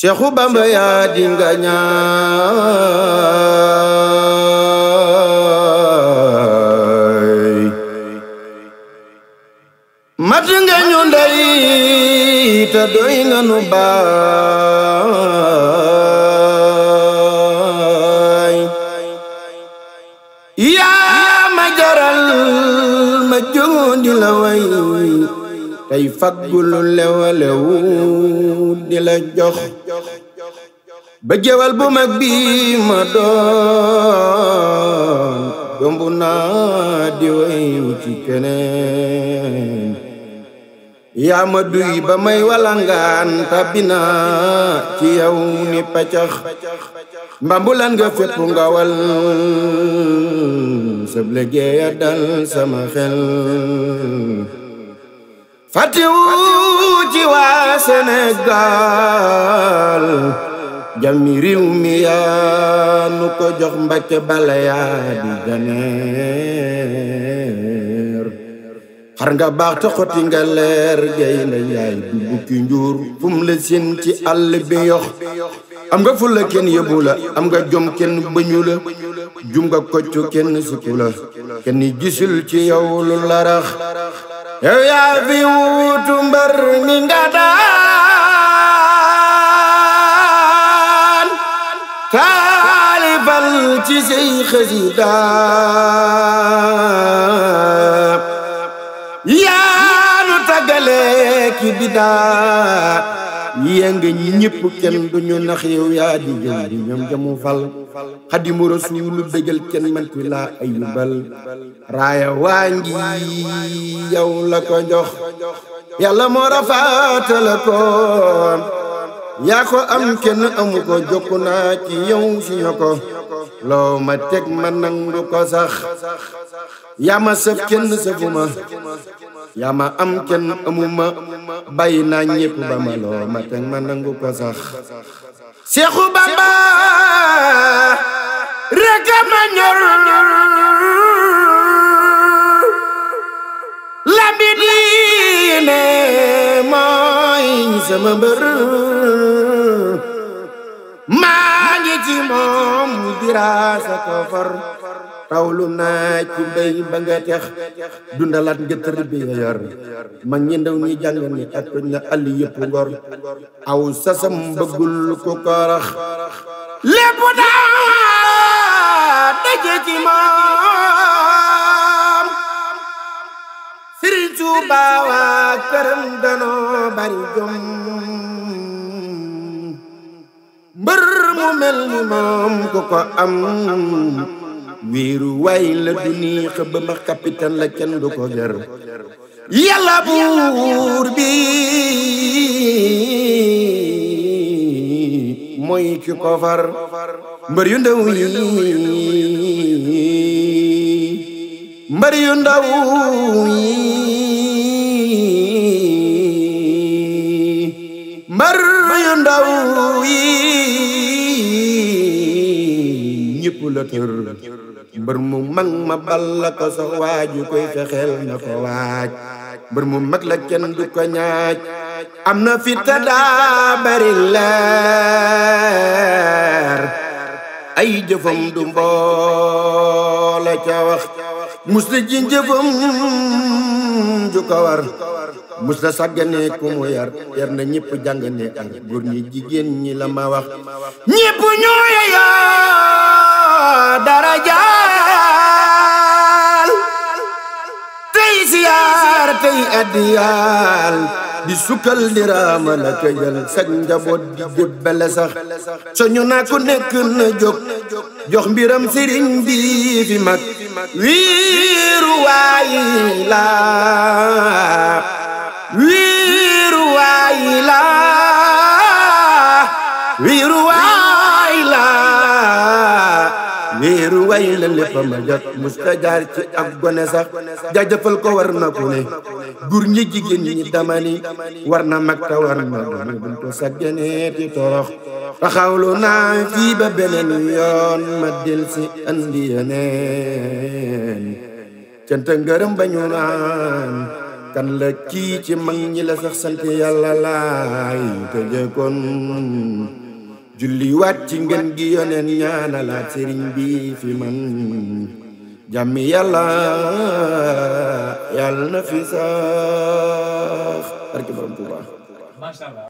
Seexu Bamba yaa di nga mat nga ñu ndey te doy yaa ma jaral ma jógoon di la way tey faggulu lewalewu di la jox ba géwal bu mag bi ma doon yomb naa di way ci keneen yaa ma duy ba may walangaan tàbbi naa ci yow paccax mbambulan nga nga wal sab liggéeya dal sama xel fàttiwu ci waa Sénégal jàmmi mi yaa nu ko jox Mbàkke bala yaa di janeer xar nga baax ta xoti nga leer gay na yaay du bukki njuur fu la seen ci àll bi yox am nga fulla kenn yëbu la am nga jom kenn bëñu la jum nga koccu kenn sukku la kenn gisul ci yow lu larax yow yaa fi wuutu mbar mi nga daa ci sey xasida yaa nu ki bidaa yéng ñëpp kenn du ñu nax yow yaa di di ñoom jamu fal xadimu rasulu bégal kenn manti laa ayubal raaya waa ngi yow la ko jox yàlla moo rafaatala koon yaa ko am kenn amu ko jokku naa ci yow suñu ko loo ma teg ma nangu ko sax yaa ma sëf kenn sëfuma yaa ma am kenn amuma bàyyi naa ñépp ba ma loo ma teg ma nangu ko sax Seexu Bamba rek a ma ñor la bi diine mooy sama mbër ci moom diraasa ko far tawlu naaj ku béy ba nga tex dundalaat nga tër bi nga yor ndaw ñi jàng ni ak toj na àll yëpp aw sasam bëggul ku ko lépp daa daje ci moom Sëriñ Tuubaa waa danoo bari jom mel ni moom ku ko am wéeru waay la du nii xëbb ma capitaine la kenn du ko gër yàlla buur bi mooy ki ko far mbër yu ndaw yi mbër yu ndaw yi képp la tër mbër mu mag ma bal la ko sa waaju koy fexeel na ko waaj mbër mu mag la kenn du ko ñaaj am fi te bari leer ay du ca wax ji ko war yar yar na ak ñi ñi la ma wax yar darajaal tey siyaar tey addiyaal di sukkal di raama naka jël sag njaboot di jébbale sax soñu naa ku nekk na jóg jox mbiram sëriñ bi fi mag wiiru waayi laa may la léppam a jot musta jaar ci ak gone sax jaajëfal ko war na ku ne gur ñi jigéen ñi damani war na mag te war na dama buñ ko sagganeeti torox taxawlu naa fii ba beneen yoon ma del si andi yeneen canta ngërëm ba ñu naan kan la kii ci mag ñi la sax sant yàlla laay tëjee kon julli waat ci ngeen gi yoneen ñaanalaat sëriñ bi fi man jàmmi yàlla yàlla na fi sax